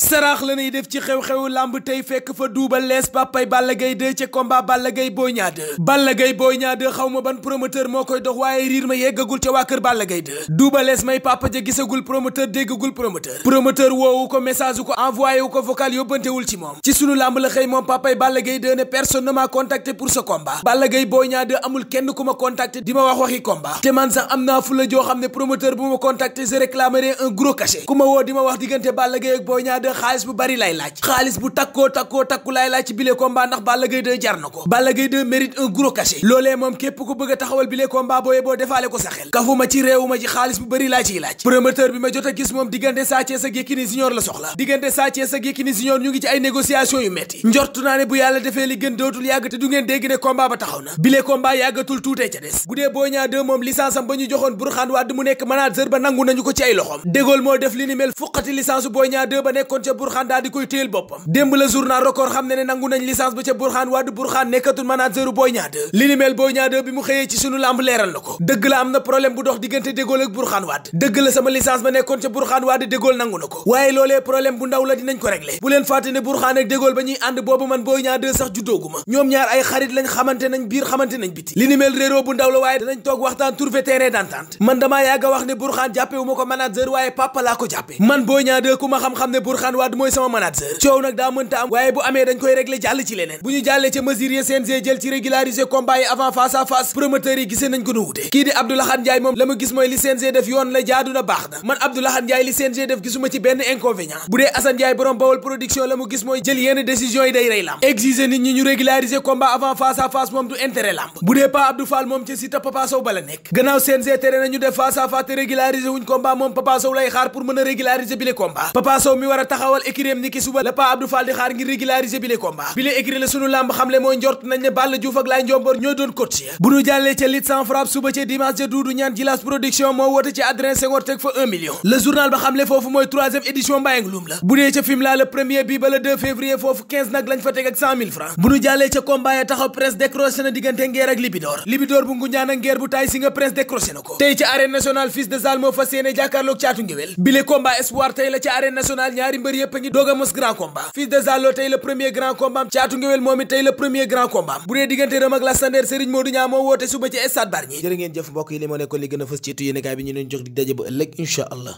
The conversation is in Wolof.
saraax la ñuy def ci xew xew làmb tey fekk fa Double Less papay Balla gay 2 ca combat Balla gay Boy Niang 2 Balla Gaye Boy Niang 2 xaw ma ban promoteur moo koy dox waaye riir ma yeggagul ca waa kër Balla Gaye 2 Double Less may papa ja gisagul promoteur déggagul promoteur promoteur woowu ko message ko envoyé wu ko vocal yóbbantewul ci moom ci sunu lamb la xëy moom papay Balla Gaye 2 ne personne ne m'a contacté pour ce combat Balla Gaye Boy Niang 2 kenn ku ma contacté di ma wax waxi man sax am naa fu la joo xam ne promoteur bu ma contacté ku ma di ma wax diggante Balla Gaye ak Boy de xaalis bu bari lay laaj xaalis bu takkoo takkoo takku lay laaj ci bile ndax Balla Gaye 2 jar na ko Balla Gaye 2 mérite un gros cachet loolee moom képp ku bëgg taxawal bile combat booye boo defaale ko sa xel kafuma ci réewuma ci xaalis bu bari laa ciy laaj promoteur bi ma jot a gis moom diggante Sa Thiès ak Yékini la soxla diggante Sa Thiès ak Yékini ñu ngi ci ay négociation yu metti njortu naa ne bu yàlla defee li gën dootul yàgg te nekkoon koy téyel boppam démb la journal record xam ne nangu nañ licence ba ca Burxaan Wade Burxaan nekkatul manageru Boy Niang 2 li ni Boy Niang bi mu xëyee ci sunu lamb leeral na ko dëgg la am na problème bu dox diggante De Gaulle ak Burxaan Wade dëgg la sama licence ba nekkoon ca Burxaan Wade De Gaulle nangu na ko waaye loolee problème bu ndaw la dinañ ko régler bu leen fàtte ne Burxaan ak De ba ñuy ànd boobu man Boy Niang sax juddooguma Bougane Wade mooy sama manager coow nag daa mënta am waaye bu amee dañ koy régler jàll ci leneen bu ñu jàllee ca mesures ya CNG jël ci régulariser combat yi avant face à face yi gisee nañ ko nu wute kii di Abdoulaye Ndiaye moom la mu gis mooy li CNG def yoon la jaadu baax na man Abdoulaye Ndiaye li CNG def gisuma ci benn inconvénient bu dee Assane Ndiaye borom Bawol production la mu gis mooy jël yenn décisions yi day rey lamb exiger nit taxawal écurie-am ni ki suba la Pa Abdou Fall di xaar ngir régulariser bi les combats bi la sunu làmb xamle mooy njort nañ ne Balla Diouf ak Laye Ndiomboor ñoo doon coach ya bu ñu jàllee ca lit sans suba ca dimanche ca duudu ñaan jilas production moo wote ci Adrien Senghor teg fa 1 million le journal ba xamle foofu mooy troisième édition mbayang luum la bu dee ca Fimela le premier bi ba février foofu nag lañ fa teg ak 100 000 bu ñu jàllee mbër grand combat fils de Zalo tey la premier grand combat am caatu ngewel moom it tey la premier grand combat am bu dee diggante rëm ak Lastander Serigne Modou Niang moo woote suba ci stade Bargny jërë ngeen jëf mbokk yi li moo nekkoon gën a fës ci tu yéenekaay bi ñu leen jox di daje ba ëllëg incha allah